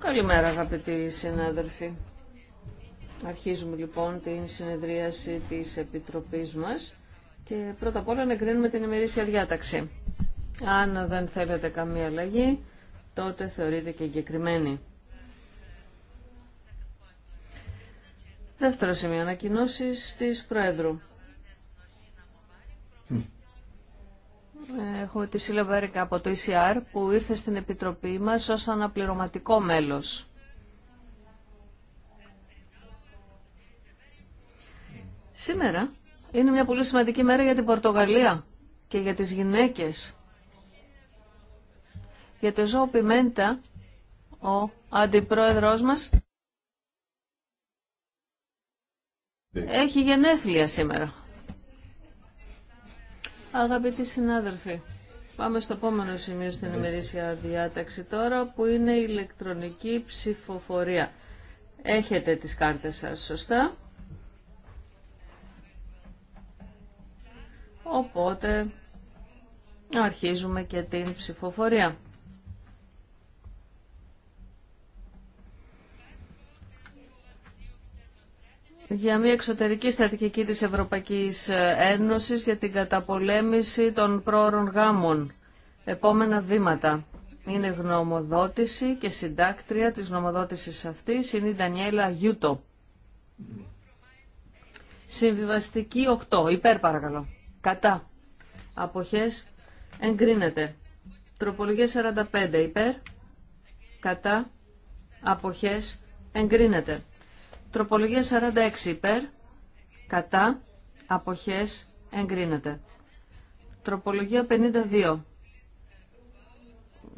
Καλημέρα αγαπητοί συνάδελφοι. Αρχίζουμε λοιπόν την συνεδρίαση της Επιτροπής μας και πρώτα απ' όλα να την ημερήσια διάταξη. Αν δεν θέλετε καμία αλλαγή, τότε θεωρείται και εγκεκριμένη. Δεύτερο σημείο, ανακοινώσει της Προέδρου. Έχουμε τη Σίλα Βέρικα από το ECR που ήρθε στην Επιτροπή μας ως αναπληρωματικό μέλος. Σήμερα είναι μια πολύ σημαντική μέρα για την Πορτογαλία και για τις γυναίκες. Για το ζώο Πιμέντα, ο αντιπρόεδρος μας, ναι. έχει γενέθλια σήμερα. Αγαπητοί συνάδελφοι, πάμε στο επόμενο σημείο στην ημερήσια διάταξη τώρα που είναι η ηλεκτρονική ψηφοφορία. Έχετε τις κάρτες σας, σωστά. Οπότε αρχίζουμε και την ψηφοφορία. για μια εξωτερική στρατηγική της Ευρωπαϊκής Ένωσης για την καταπολέμηση των πρόωρων γάμων. Επόμενα βήματα. Είναι γνωμοδότηση και συντάκτρια της γνωμοδότησης αυτής είναι η Ντανιέλα Γιούτο. Συμβιβαστική 8. Υπέρ παρακαλώ. Κατά. Αποχές εγκρίνεται. Τροπολογία 45. Υπέρ. Κατά. Αποχές εγκρίνεται. Τροπολογία 46 υπέρ, κατά, αποχές, εγκρίνεται. Τροπολογία 52,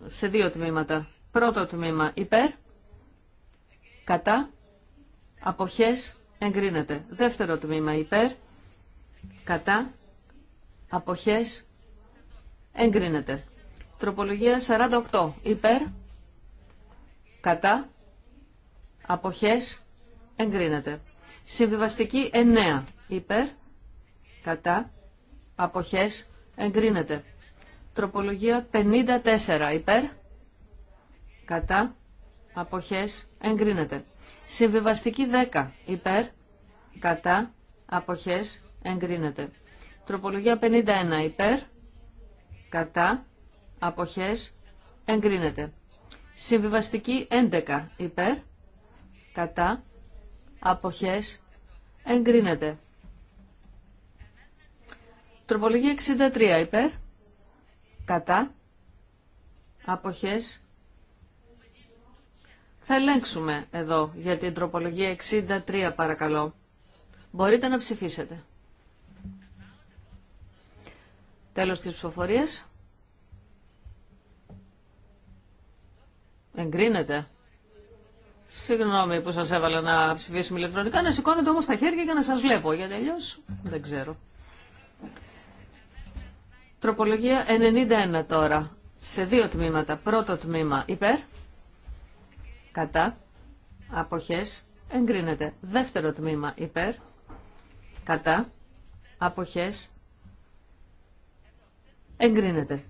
σε δύο τμήματα. Πρώτο τμήμα υπέρ, κατά, αποχές, εγκρίνεται. Δεύτερο τμήμα υπέρ, κατά, αποχές, εγκρίνεται. Τροπολογία 48, υπέρ, κατά, αποχές, εγκρίνεται. Συμβιβαστική 9 υπέρ, κατά, αποχές, εγκρίνεται. Τροπολογία 54 υπέρ, κατά, αποχές, εγκρίνεται. Συμβιβαστική 10 υπέρ, κατά, αποχές, εγκρίνεται. Τροπολογία 51 υπέρ, κατά, αποχές, εγκρίνεται. Συμβιβαστική 11 υπέρ, κατά, αποχές εγκρίνεται. Τροπολογία 63 υπέρ, κατά, αποχές. Θα ελέγξουμε εδώ για την τροπολογία 63 παρακαλώ. Μπορείτε να ψηφίσετε. Τέλος της ψηφοφορίας. Εγκρίνεται. Συγγνώμη που σα έβαλα να ψηφίσουμε ηλεκτρονικά, να σηκώνετε όμως τα χέρια για να σας βλέπω, γιατί αλλιώ δεν ξέρω. Τροπολογία 91 τώρα, σε δύο τμήματα. Πρώτο τμήμα υπέρ, κατά, αποχές, εγκρίνεται. Δεύτερο τμήμα υπέρ, κατά, αποχές, εγκρίνεται.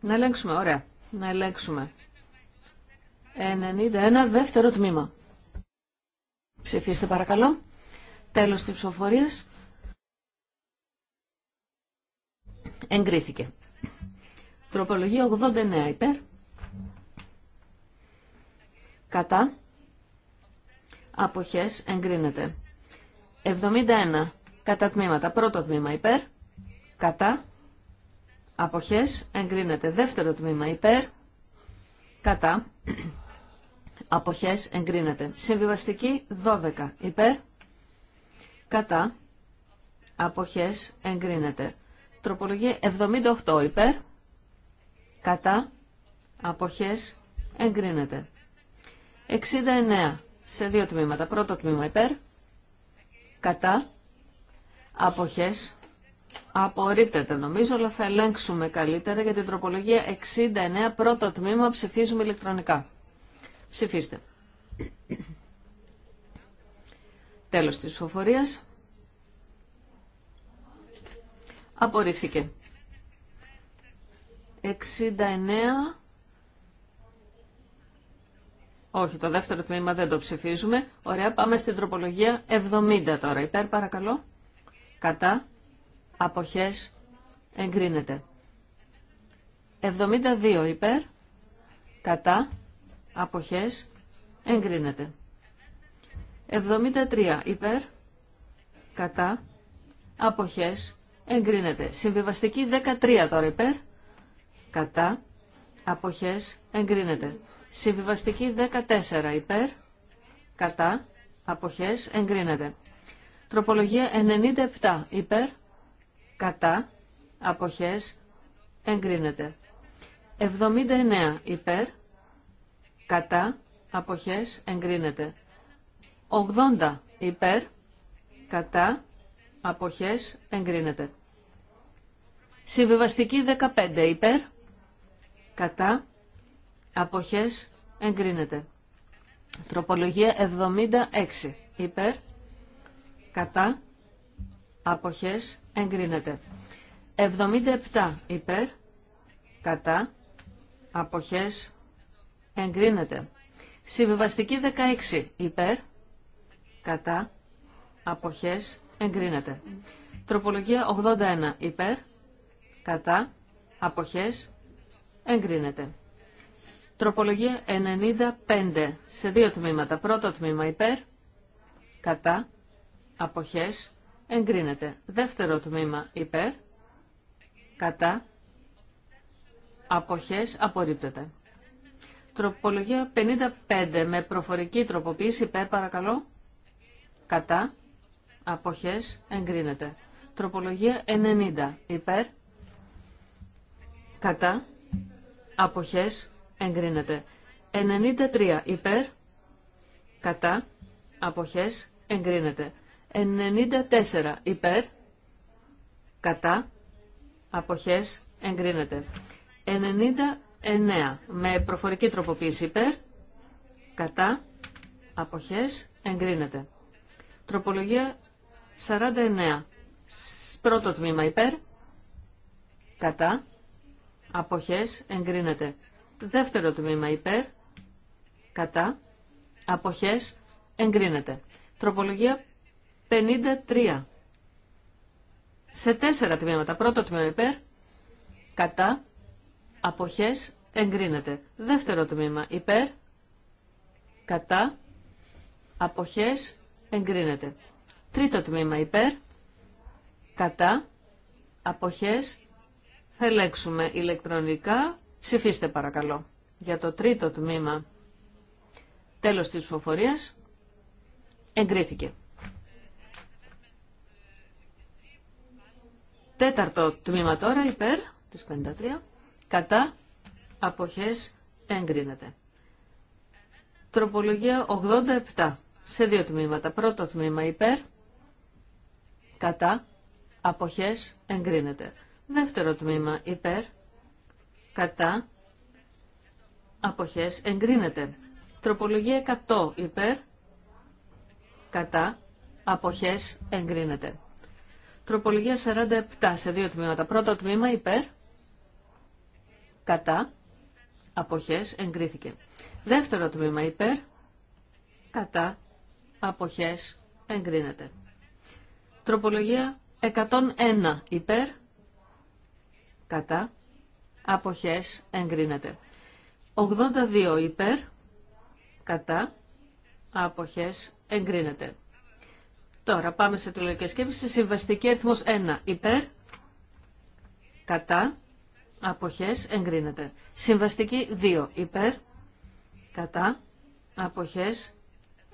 Να ελέγξουμε, ωραία, να ελέγξουμε. 91 δεύτερο τμήμα. Ψηφίστε παρακαλώ. Τέλος της ψηφοφορίας. Εγκρίθηκε. Τροπολογία 89 υπέρ. Κατά. Αποχές εγκρίνεται. 71 κατά τμήματα. Πρώτο τμήμα υπέρ. Κατά. Αποχές εγκρίνεται. Δεύτερο τμήμα υπέρ. Κατά. Αποχές εγκρίνεται. Συμβιβαστική 12. Υπέρ. Κατά. Αποχές εγκρίνεται. Τροπολογία 78. Υπέρ. Κατά. Αποχές εγκρίνεται. 69. Σε δύο τμήματα. Πρώτο τμήμα υπέρ. Κατά. Αποχές απορρίπτεται νομίζω, αλλά θα ελέγξουμε καλύτερα για την τροπολογία 69. Πρώτο τμήμα ψηφίζουμε ηλεκτρονικά. Ψηφίστε. Τέλος της ψηφοφορίας. Απορρίφθηκε. 69. Όχι, το δεύτερο τμήμα δεν το ψηφίζουμε. Ωραία, πάμε στην τροπολογία 70 τώρα. Υπέρ παρακαλώ. Κατά. Αποχές. Εγκρίνεται. 72 υπέρ. Κατά αποχές, εγκρίνεται. 73 υπέρ, κατά, αποχές, εγκρίνεται. Συμβιβαστική 13 τώρα υπέρ, κατά, αποχές, εγκρίνεται. Συμβιβαστική 14 υπέρ, κατά, αποχές, εγκρίνεται. Τροπολογία 97 υπέρ, κατά, αποχές, εγκρίνεται. 79 υπέρ, κατά, αποχές, εγκρίνεται. 80 υπέρ, κατά, αποχές, εγκρίνεται. Συμβιβαστική 15 υπέρ, κατά, αποχές, εγκρίνεται. Τροπολογία 76 υπέρ, κατά, αποχές, εγκρίνεται. 77 υπέρ, κατά, αποχές, εγκρίνεται. Συμβιβαστική 16 υπέρ, κατά, αποχές, εγκρίνεται. Τροπολογία 81 υπέρ, κατά, αποχές, εγκρίνεται. Τροπολογία 95 σε δύο τμήματα. Πρώτο τμήμα υπέρ, κατά, αποχές, εγκρίνεται. Δεύτερο τμήμα υπέρ, κατά, αποχές, απορρίπτεται. Τροπολογία 55 με προφορική τροποποίηση υπέρ παρακαλώ. Κατά. Αποχές εγκρίνεται. Τροπολογία 90 υπέρ. Κατά. Αποχές εγκρίνεται. 93 υπέρ. Κατά. Αποχές εγκρίνεται. 94 υπέρ. Κατά. Αποχές εγκρίνεται. 9 με προφορική τροποποίηση υπέρ, κατά, αποχές, εγκρίνεται. Τροπολογία 49. Πρώτο τμήμα υπέρ, κατά, αποχές, εγκρίνεται. Δεύτερο τμήμα υπέρ, κατά, αποχές, εγκρίνεται. Τροπολογία 53. Σε τέσσερα τμήματα. Πρώτο τμήμα υπέρ, κατά, αποχές εγκρίνεται. Δεύτερο τμήμα υπέρ, κατά, αποχές εγκρίνεται. Τρίτο τμήμα υπέρ, κατά, αποχές θα ελέγξουμε ηλεκτρονικά. Ψηφίστε παρακαλώ για το τρίτο τμήμα. Τέλος της ψηφοφορίας εγκρίθηκε. Τέταρτο τμήμα τώρα υπέρ της 53 κατά αποχές εγκρίνεται. Τροπολογία 87 σε δύο τμήματα. Πρώτο τμήμα υπέρ, κατά, αποχές εγκρίνεται. Δεύτερο τμήμα υπέρ, κατά, αποχές εγκρίνεται. Τροπολογία 100 υπέρ, κατά, αποχές εγκρίνεται. Τροπολογία 47 σε δύο τμήματα. Πρώτο τμήμα υπέρ, κατά, αποχές, εγκρίθηκε. Δεύτερο τμήμα υπέρ, κατά, αποχές, εγκρίνεται. Τροπολογία 101 υπέρ, κατά, αποχές, εγκρίνεται. 82 υπέρ, κατά, αποχές, εγκρίνεται. Τώρα πάμε σε τη σκέψη. συμβαστική αριθμός 1 υπέρ, κατά, αποχές εγκρίνεται. Συμβαστική 2 υπέρ, κατά, αποχές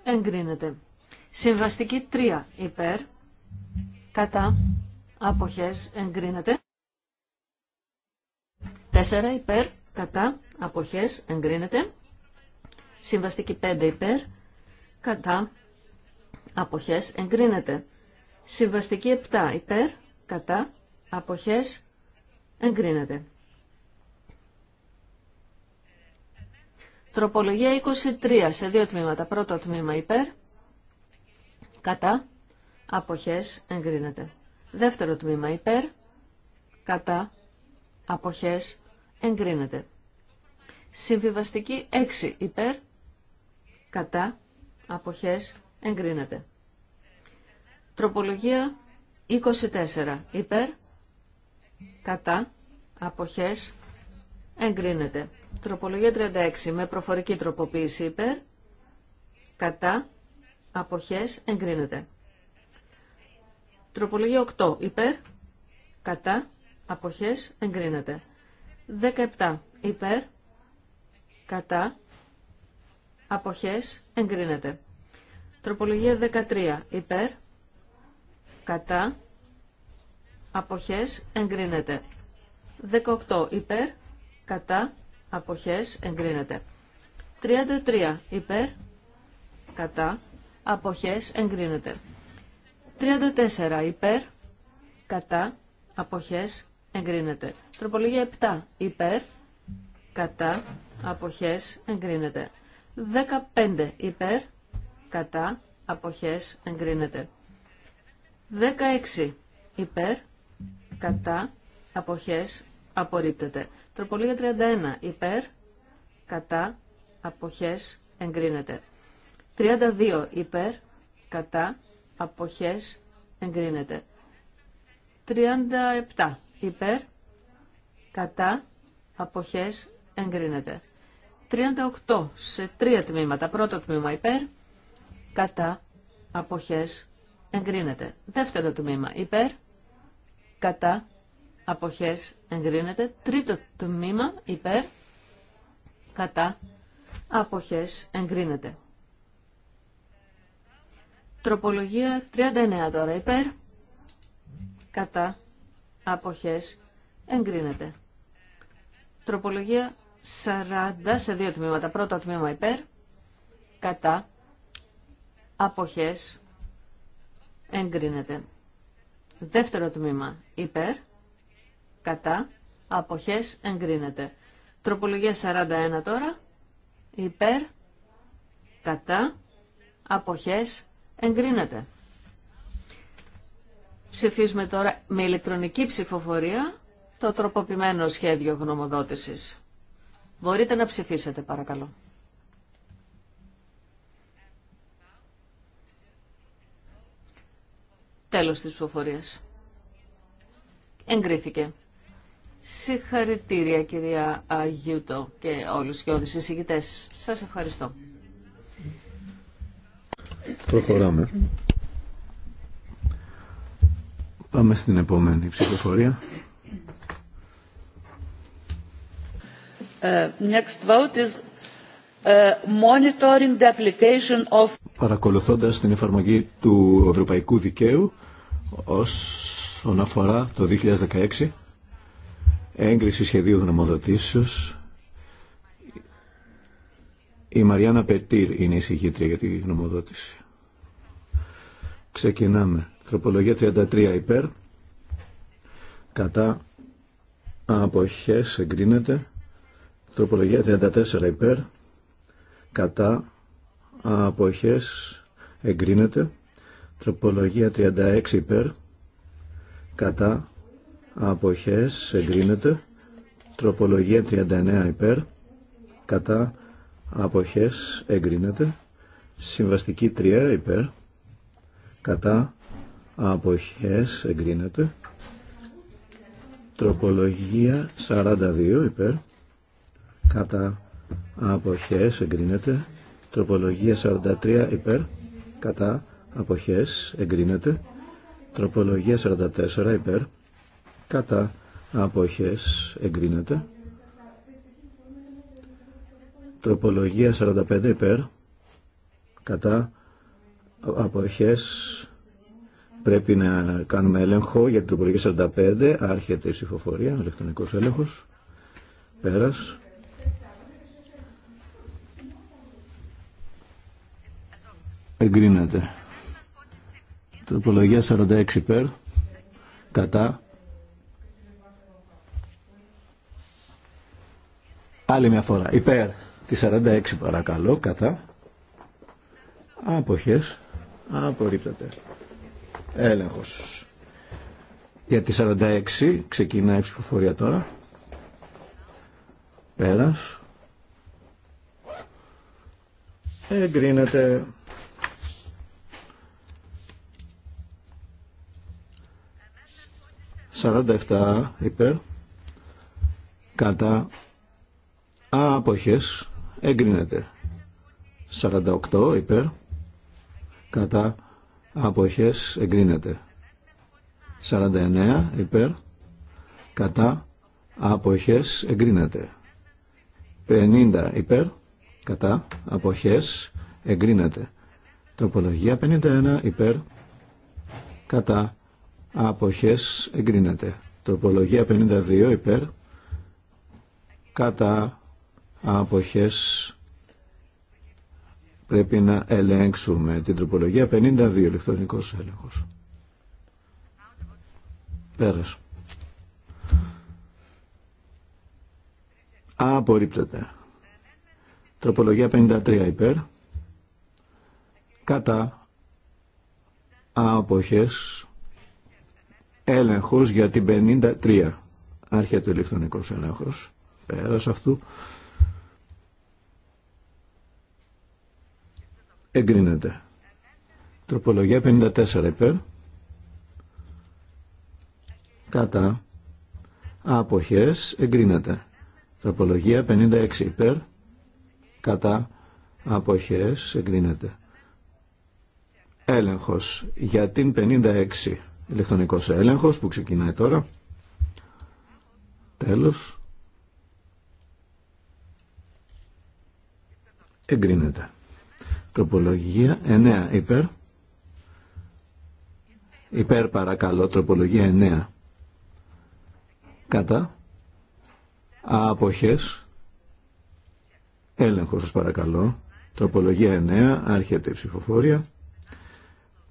εγκρίνεται. Συμβαστική 3 υπέρ, κατά, αποχές εγκρίνεται. 4 υπέρ, κατά, αποχές εγκρίνεται. Συμβαστική 5 υπέρ, κατά, αποχές εγκρίνεται. Συμβαστική 7 υπέρ, κατά, αποχές εγκρίνεται. Τροπολογία 23 σε δύο τμήματα. Πρώτο τμήμα υπέρ, κατά, αποχές, εγκρίνεται. Δεύτερο τμήμα υπέρ, κατά, αποχές, εγκρίνεται. Συμβιβαστική 6 υπέρ, κατά, αποχές, εγκρίνεται. Τροπολογία 24 υπέρ, κατά, αποχές, Εγκρίνεται. Τροπολογία 36 με προφορική τροποποίηση υπέρ. Κατά. Αποχές. Εγκρίνεται. Τροπολογία 8 υπέρ. Κατά. Αποχές. Εγκρίνεται. 17 υπέρ. Κατά. Αποχές. Εγκρίνεται. Τροπολογία 13 υπέρ. Κατά. Αποχές εγκρίνεται. 18 υπέρ, κατά, αποχές, εγκρίνεται. 33 υπέρ, κατά, αποχές, εγκρίνεται. 34 υπέρ, κατά, αποχές, εγκρίνεται. Τροπολογία 7 υπέρ, κατά, αποχές, εγκρίνεται. 15 υπέρ, κατά, αποχές, εγκρίνεται. 16 υπέρ, κατά, αποχές, απορρίπτεται. Τροπολογία 31 υπέρ, κατά, αποχές, εγκρίνεται. 32 υπέρ, κατά, αποχές, εγκρίνεται. 37 υπέρ, κατά, αποχές, εγκρίνεται. 38 σε τρία τμήματα. Πρώτο τμήμα υπέρ, κατά, αποχές, εγκρίνεται. Δεύτερο τμήμα υπέρ, κατά, αποχές εγκρίνεται. Τρίτο τμήμα υπέρ κατά αποχές εγκρίνεται. Τροπολογία 39 τώρα υπέρ κατά αποχές εγκρίνεται. Τροπολογία 40 σε δύο τμήματα. Πρώτο τμήμα υπέρ κατά αποχές εγκρίνεται. Δεύτερο τμήμα υπέρ κατά, αποχές, εγκρίνεται. Τροπολογία 41 τώρα, υπέρ, κατά, αποχές, εγκρίνεται. Ψηφίζουμε τώρα με ηλεκτρονική ψηφοφορία το τροποποιημένο σχέδιο γνωμοδότησης. Μπορείτε να ψηφίσετε παρακαλώ. Τέλος της ψηφοφορίας. Εγκρίθηκε. Συγχαρητήρια κυρία Αγίουτο και όλους και όλους συζητητές. Σας ευχαριστώ. Προχωράμε. Πάμε στην επόμενη ψηφοφορία. Uh, next vote is ε, monitoring the application of... Παρακολουθώντας την εφαρμογή του ευρωπαϊκού δικαίου ως αφορά το 2016 έγκριση σχεδίου γνωμοδοτήσεως. Η Μαριάννα Πετήρ είναι η συγχύτρια για τη γνωμοδότηση. Ξεκινάμε. Τροπολογία 33 υπέρ. Κατά αποχές εγκρίνεται. Τροπολογία 34 υπέρ. Κατά αποχές εγκρίνεται. Τροπολογία 36 υπέρ. Κατά αποχές εγκρίνεται τροπολογία 39 υπέρ κατά αποχές εγκρίνεται συμβαστική 3 υπέρ κατά αποχές εγκρίνεται τροπολογία 42 υπέρ κατά αποχές εγκρίνεται τροπολογία 43 υπέρ κατά αποχές εγκρίνεται τροπολογία 44 υπέρ κατά αποχές εγκρίνεται τροπολογία 45 υπέρ κατά αποχές πρέπει να κάνουμε έλεγχο για την τροπολογία 45 άρχεται η ψηφοφορία ηλεκτρονικός έλεγχος πέρας εγκρίνεται τροπολογία 46 υπέρ κατά Άλλη μια φορά. Υπέρ. Τη 46 παρακαλώ. Κατά. Αποχές. Απορρίπτεται. Έλεγχος. Για τη 46 ξεκινάει η ψηφοφορία τώρα. Πέρας. Εγκρίνεται. Σαράντα υπέρ κατά Άποχες εγκρίνεται. 48 υπέρ κατά αποχές εγκρίνεται. 49 υπέρ κατά αποχές εγκρίνεται. 50 υπέρ κατά αποχές εγκρίνεται. Τροπολογία 51 υπέρ κατά αποχές εγκρίνεται. Τροπολογία 52 υπέρ κατά αποχές πρέπει να ελέγξουμε την τροπολογία 52 ηλεκτρονικός έλεγχος. Πέρας. Απορρίπτεται. Τροπολογία 53 υπέρ. Κατά αποχές έλεγχος για την 53. Άρχεται του ηλεκτρονικός έλεγχος. Πέρας αυτού. εγκρίνεται. Τροπολογία 54 υπέρ. Κατά. Αποχές εγκρίνεται. Τροπολογία 56 υπέρ. Κατά. Αποχές εγκρίνεται. Έλεγχος για την 56. Ηλεκτρονικός έλεγχος που ξεκινάει τώρα. Τέλος. Εγκρίνεται. Τροπολογία 9 υπέρ. Υπέρ παρακαλώ, τροπολογία 9. Κατά. Άποχες. Έλεγχος σας παρακαλώ. Τροπολογία 9, άρχεται η ψηφοφορία.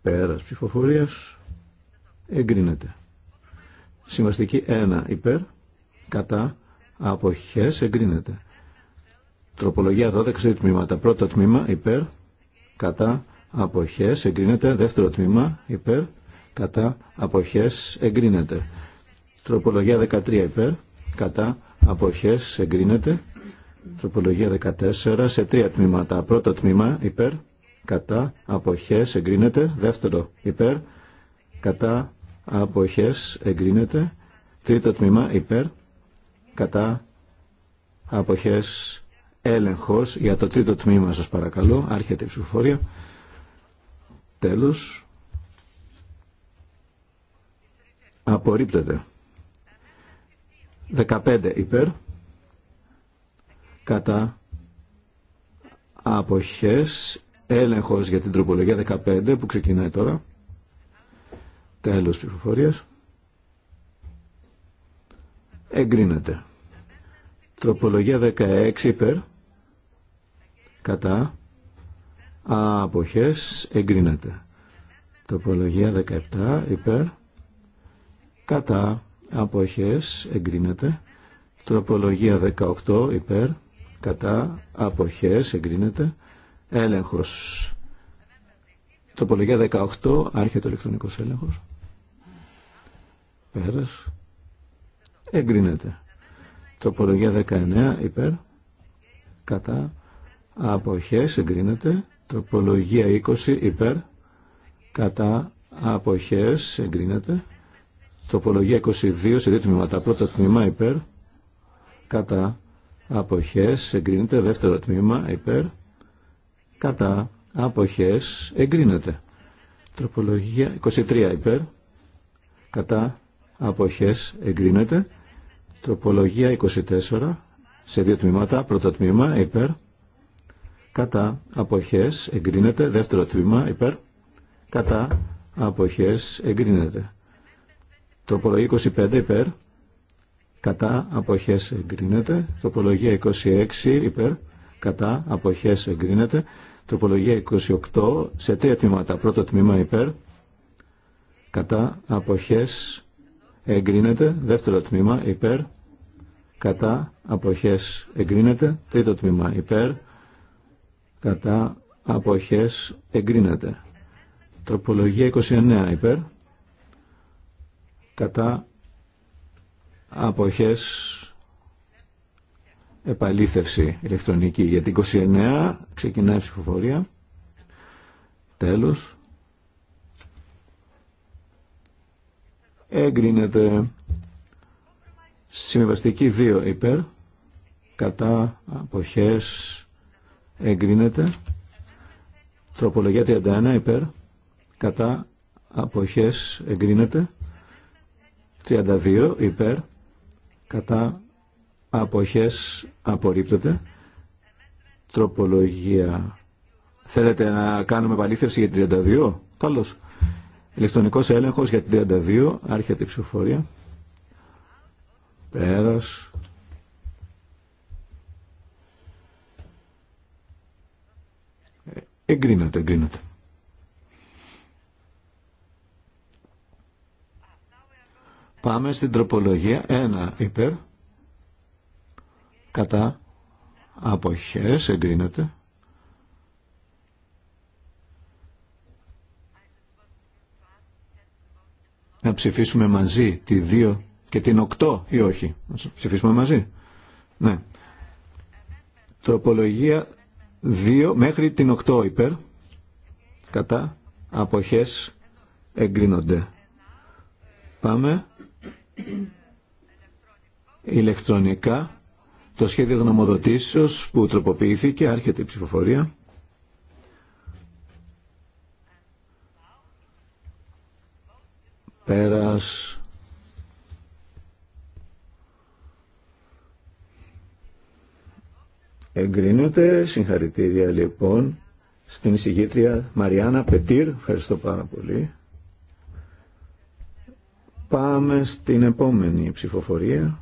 Πέρας ψηφοφορίας. Εγκρίνεται. Συμβαστική 1 υπέρ. Κατά. Αποχές εγκρίνεται. Τροπολογία 12 τμήματα. Πρώτο τμήμα υπέρ κατά αποχές εγκρίνεται. Δεύτερο τμήμα υπέρ κατά αποχές εγκρίνεται. Τροπολογία 13 υπέρ κατά αποχές εγκρίνεται. Τροπολογία 14 σε τρία τμήματα. Πρώτο τμήμα υπέρ κατά αποχές εγκρίνεται. Δεύτερο υπέρ κατά αποχές εγκρίνεται. Τρίτο τμήμα υπέρ κατά αποχές έλεγχος για το τρίτο τμήμα σας παρακαλώ, άρχεται η ψηφοφορία. Τέλος. Απορρίπτεται. 15 υπέρ. Κατά αποχές έλεγχος για την τροπολογία 15 που ξεκινάει τώρα. Τέλος ψηφοφορίας. Εγκρίνεται. Τροπολογία 16 υπέρ κατά αποχές εγκρίνεται. Τοπολογία 17 υπέρ κατά αποχές εγκρίνεται. Τροπολογία 18 υπέρ κατά αποχές εγκρίνεται. Έλεγχος. τοπολογία 18 άρχεται ο ηλεκτρονικός έλεγχος. Πέρας. Εγκρίνεται. τοπολογία 19 υπέρ κατά αποχές εγκρίνεται τροπολογία 20 υπέρ κατά αποχές εγκρίνεται τροπολογία 22 σε δύο τμήματα πρώτο τμήμα υπέρ κατά αποχές εγκρίνεται δεύτερο τμήμα υπέρ κατά αποχές εγκρίνεται τροπολογία 23 υπέρ κατά αποχές εγκρίνεται τροπολογία 24 σε δύο τμήματα πρώτο τμήμα υπέρ κατά αποχές εγκρίνεται. Δεύτερο τμήμα υπέρ κατά αποχές εγκρίνεται. Τροπολογία 25 υπέρ κατά αποχές εγκρίνεται. τοπολογία 26 υπέρ κατά αποχές εγκρίνεται. τοπολογία 28 σε τρία τμήματα. Πρώτο τμήμα υπέρ κατά αποχές εγκρίνεται. Δεύτερο τμήμα υπέρ κατά αποχές εγκρίνεται. Τρίτο τμήμα υπέρ κατά αποχές εγκρίνεται. Τροπολογία 29 υπέρ κατά αποχές επαλήθευση ηλεκτρονική. Για την 29 ξεκινάει η ψηφοφορία. Τέλος. Εγκρίνεται συμβαστική 2 υπέρ κατά αποχές εγκρίνεται. Τροπολογία 31 υπέρ, κατά αποχές εγκρίνεται. 32 υπέρ, κατά αποχές απορρίπτεται. Τροπολογία. Θέλετε να κάνουμε παλήθευση για 32. Καλώς. Ηλεκτρονικός έλεγχος για 32. Άρχεται η ψηφοφορία. Πέρας. Εγκρίνεται, εγκρίνεται. Πάμε στην τροπολογία 1 υπέρ. Κατά αποχές εγκρίνεται. Να ψηφίσουμε μαζί τη 2 και την 8 ή όχι. Να ψηφίσουμε μαζί. Ναι. Τροπολογία 2 μέχρι την 8 υπέρ κατά αποχές εγκρίνονται. Πάμε ηλεκτρονικά το σχέδιο γνωμοδοτήσεως που τροποποιήθηκε, άρχεται η ψηφοφορία. Πέρας εγκρίνεται. Συγχαρητήρια λοιπόν στην εισηγήτρια Μαριάννα Πετήρ. Ευχαριστώ πάρα πολύ. Πάμε στην επόμενη ψηφοφορία.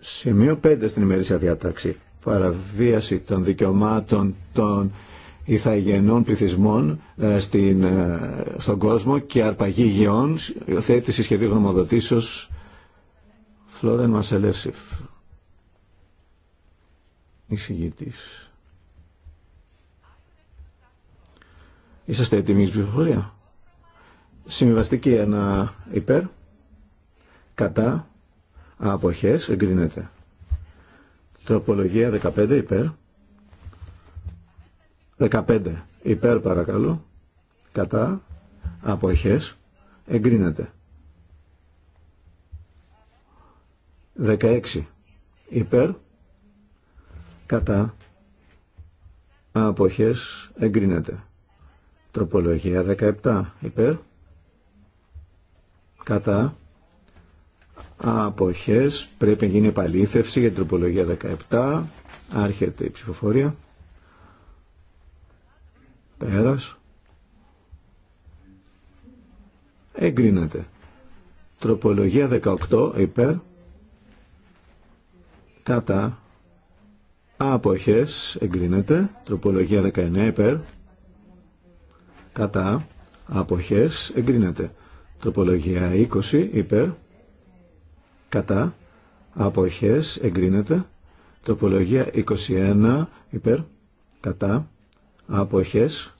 Σημείο 5 στην ημερήσια διάταξη. Παραβίαση των δικαιωμάτων των ηθαγενών πληθυσμών ε, στην, ε, στον κόσμο και αρπαγή γεών, υιοθέτηση σχεδίου γνωμοδοτήσεω. Φλόρεν Μασελεύσιφ. Εισηγητής. Είσαστε έτοιμοι για ψηφοφορία. Συμβιβαστική ένα υπέρ, κατά, αποχές, εγκρίνεται. Τροπολογία 15 υπέρ, 15 υπέρ παρακαλώ κατά αποχές εγκρίνεται 16 υπέρ κατά αποχές εγκρίνεται τροπολογία 17 υπέρ κατά αποχές πρέπει να γίνει επαλήθευση για τροπολογία 17 άρχεται η ψηφοφορία Πέρας. Εγκρίνεται. Τροπολογία 18 υπέρ. Κατά. Αποχές εγκρίνεται. Τροπολογία 19 υπέρ. Κατά. Αποχές εγκρίνεται. Τροπολογία 20 υπέρ. Κατά. Αποχές εγκρίνεται. Τροπολογία 21 υπέρ. Κατά αποχές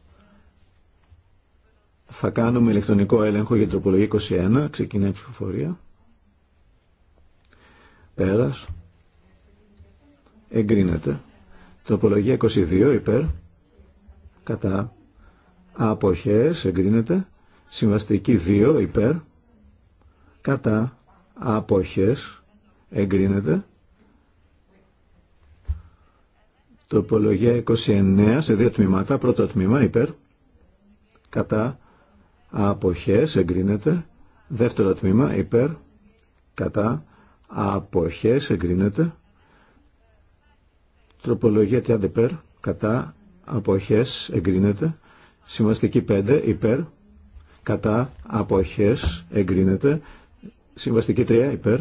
θα κάνουμε ηλεκτρονικό έλεγχο για τροπολογία 21 ξεκινάει η ψηφοφορία πέρας εγκρίνεται τροπολογία 22 υπέρ κατά αποχές εγκρίνεται συμβαστική 2 υπέρ κατά αποχές εγκρίνεται Τροπολογία 29 σε δύο τμήματα. Πρώτο τμήμα υπέρ. Κατά. Αποχές εγκρίνεται. Δεύτερο τμήμα υπέρ. Κατά. Αποχές εγκρίνεται. Τροπολογία 30 υπέρ. Κατά. Αποχές εγκρίνεται. Συμβαστική 5 υπέρ. Κατά. Αποχές εγκρίνεται. Συμβαστική 3 υπέρ.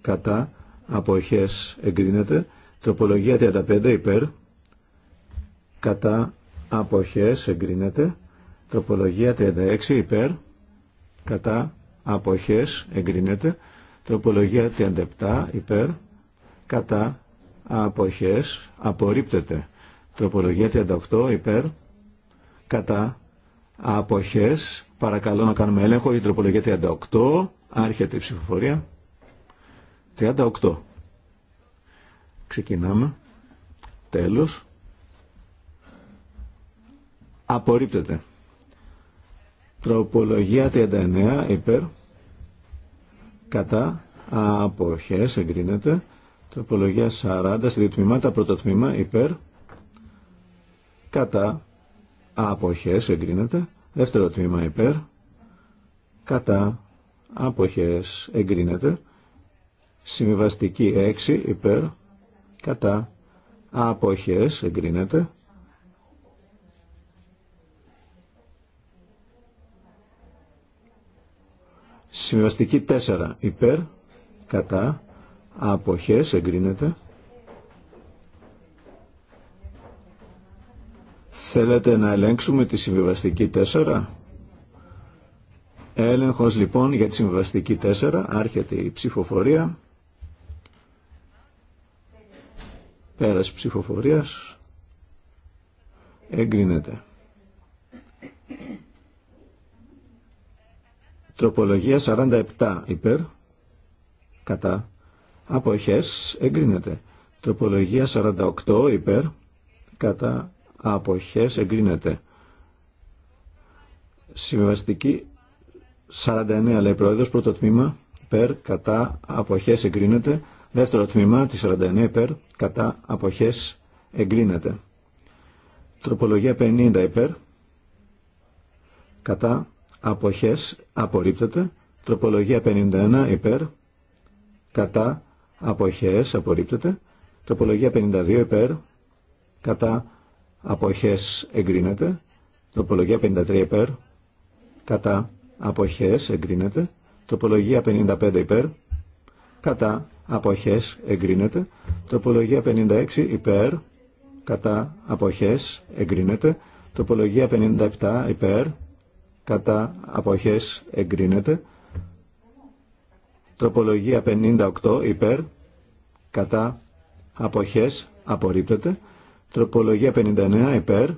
Κατά. Αποχές εγκρίνεται. Τροπολογία 35 υπέρ κατά αποχές εγκρίνεται. Τροπολογία 36 υπέρ κατά αποχές εγκρίνεται. Τροπολογία 37 υπέρ κατά αποχές απορρίπτεται. Τροπολογία 38 υπέρ κατά αποχές. Παρακαλώ να κάνουμε έλεγχο η τροπολογία 38. Άρχεται η ψηφοφορία. 38. Ξεκινάμε. Τέλος. Απορρίπτεται. Τροπολογία 39 υπέρ. Κατά. Αποχές εγκρίνεται. Τροπολογία 40 σε δύο τμήματα. Πρώτο τμήμα υπέρ. Κατά. Αποχές εγκρίνεται. Δεύτερο τμήμα υπέρ. Κατά. Αποχές εγκρίνεται. Συμβιβαστική 6 υπέρ. Κατά. Αποχές εγκρίνεται. Συμβαστική 4 υπέρ, κατά, αποχές, εγκρίνεται. Θέλετε να ελέγξουμε τη συμβιβαστική 4. Έλεγχος λοιπόν για τη συμβιβαστική 4. Άρχεται η ψηφοφορία. Πέρας ψηφοφορίας. Εγκρίνεται. Τροπολογία 47 υπέρ, κατά, αποχές, εγκρίνεται. Τροπολογία 48 υπέρ, κατά, αποχές, εγκρίνεται. Συμβαστική 49 λέει πρόεδρος, πρώτο τμήμα, υπέρ, κατά, αποχές, εγκρίνεται. Δεύτερο τμήμα, τη 49 υπέρ, κατά, αποχές, εγκρίνεται. Τροπολογία 50 υπέρ, κατά, αποχές απορρίπτεται. Τροπολογία 51 υπέρ, κατά, αποχές απορρίπτεται. Τροπολογία 52 υπέρ, κατά, αποχές εγκρίνεται. Τροπολογία 53 υπέρ, κατά, αποχές εγκρίνεται. Τροπολογία 55 υπέρ, κατά, αποχές εγκρίνεται. Τροπολογία 56 υπέρ, κατά, αποχές εγκρίνεται. Τροπολογία 57 υπέρ, κατά αποχές εγκρίνεται. Τροπολογία 58 υπέρ κατά αποχές απορρίπτεται. Τροπολογία 59 υπέρ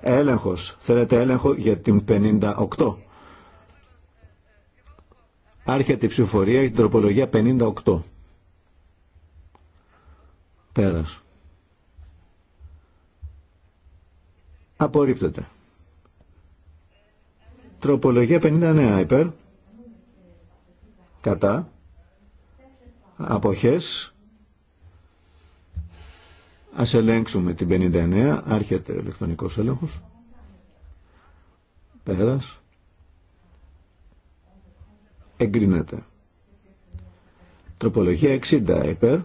έλεγχος. Θέλετε έλεγχο για την 58. Άρχεται η ψηφορία για την τροπολογία 58. Πέρας. Απορρίπτεται. Τροπολογία 59 υπέρ. Κατά. Αποχές. Ας ελέγξουμε την 59. Άρχεται ηλεκτρονικός έλεγχος. Πέρας. Εγκρίνεται. Τροπολογία 60 υπέρ.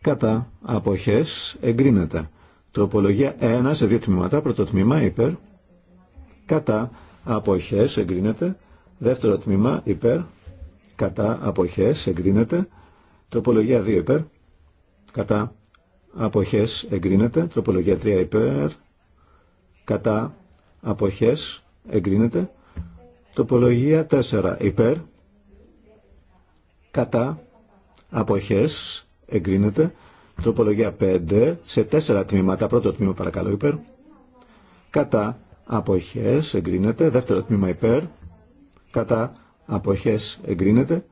Κατά. Αποχές. Εγκρίνεται. Τροπολογία 1 σε δύο τμήματα. Πρώτο τμήμα υπέρ κατά αποχές εγκρίνεται. Δεύτερο τμήμα υπέρ, κατά αποχές εγκρίνεται. Τροπολογία 2 υπέρ, κατά αποχές εγκρίνεται. Τροπολογία 3 υπέρ, κατά αποχές εγκρίνεται. Τροπολογία 4 υπέρ, κατά αποχές εγκρίνεται. Τροπολογία 5 σε τέσσερα τμήματα, πρώτο τμήμα παρακαλώ υπέρ, κατά αποχές εγκρίνεται, δεύτερο τμήμα υπέρ, κατά αποχές εγκρίνεται,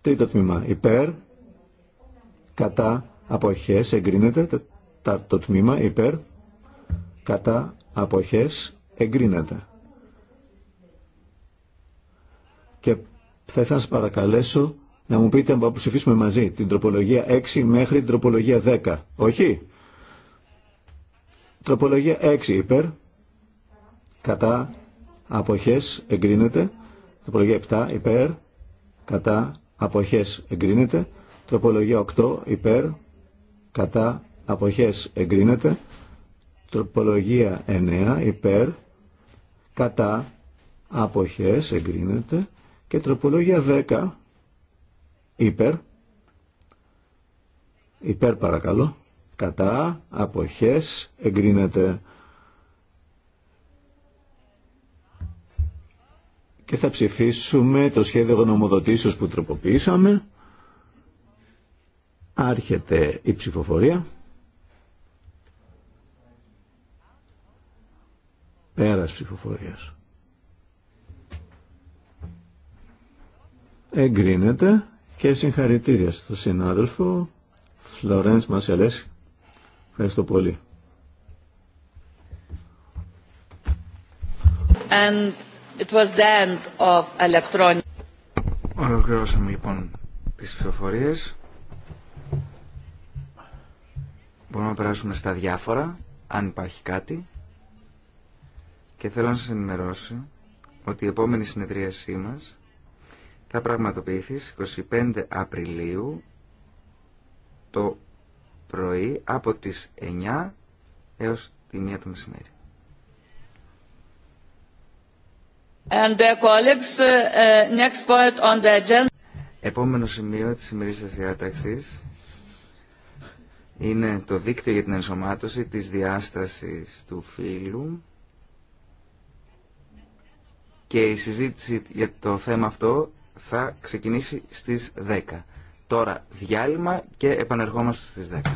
τρίτο τμήμα υπέρ, κατά αποχές εγκρίνεται, τέταρτο τμήμα υπέρ, κατά αποχές εγκρίνεται. Και θα ήθελα να σας παρακαλέσω να μου πείτε αν αποψηφίσουμε μαζί την τροπολογία 6 μέχρι την τροπολογία 10. Όχι. Τροπολογία 6 υπέρ, κατά αποχές εγκρίνεται. Τροπολογία 7 υπέρ κατά αποχές εγκρίνεται. Τροπολογία 8 υπέρ κατά αποχές εγκρίνεται. Τροπολογία 9 υπέρ κατά αποχές εγκρίνεται. Και τροπολογία 10 υπέρ υπέρ παρακαλώ κατά αποχές εγκρίνεται. και θα ψηφίσουμε το σχέδιο γνωμοδοτήσεως που τροποποιήσαμε. Άρχεται η ψηφοφορία. Πέρας ψηφοφορίας. Εγκρίνεται και συγχαρητήρια στον συνάδελφο Φλωρένς Μασελέση. Ευχαριστώ πολύ. It was the end of Ολοκληρώσαμε λοιπόν τι ψηφοφορίε. Μπορούμε να περάσουμε στα διάφορα, αν υπάρχει κάτι. Και θέλω να σα ενημερώσω ότι η επόμενη συνεδρίασή μα θα πραγματοποιηθεί στι 25 Απριλίου το πρωί από τις 9 έως τη 1 το μεσημέρι. Uh, uh, uh, Επόμενο σημείο της σημερινής διάταξης είναι το δίκτυο για την ενσωμάτωση της διάστασης του φύλου και η συζήτηση για το θέμα αυτό θα ξεκινήσει στις 10. Τώρα διάλειμμα και επανερχόμαστε στις 10.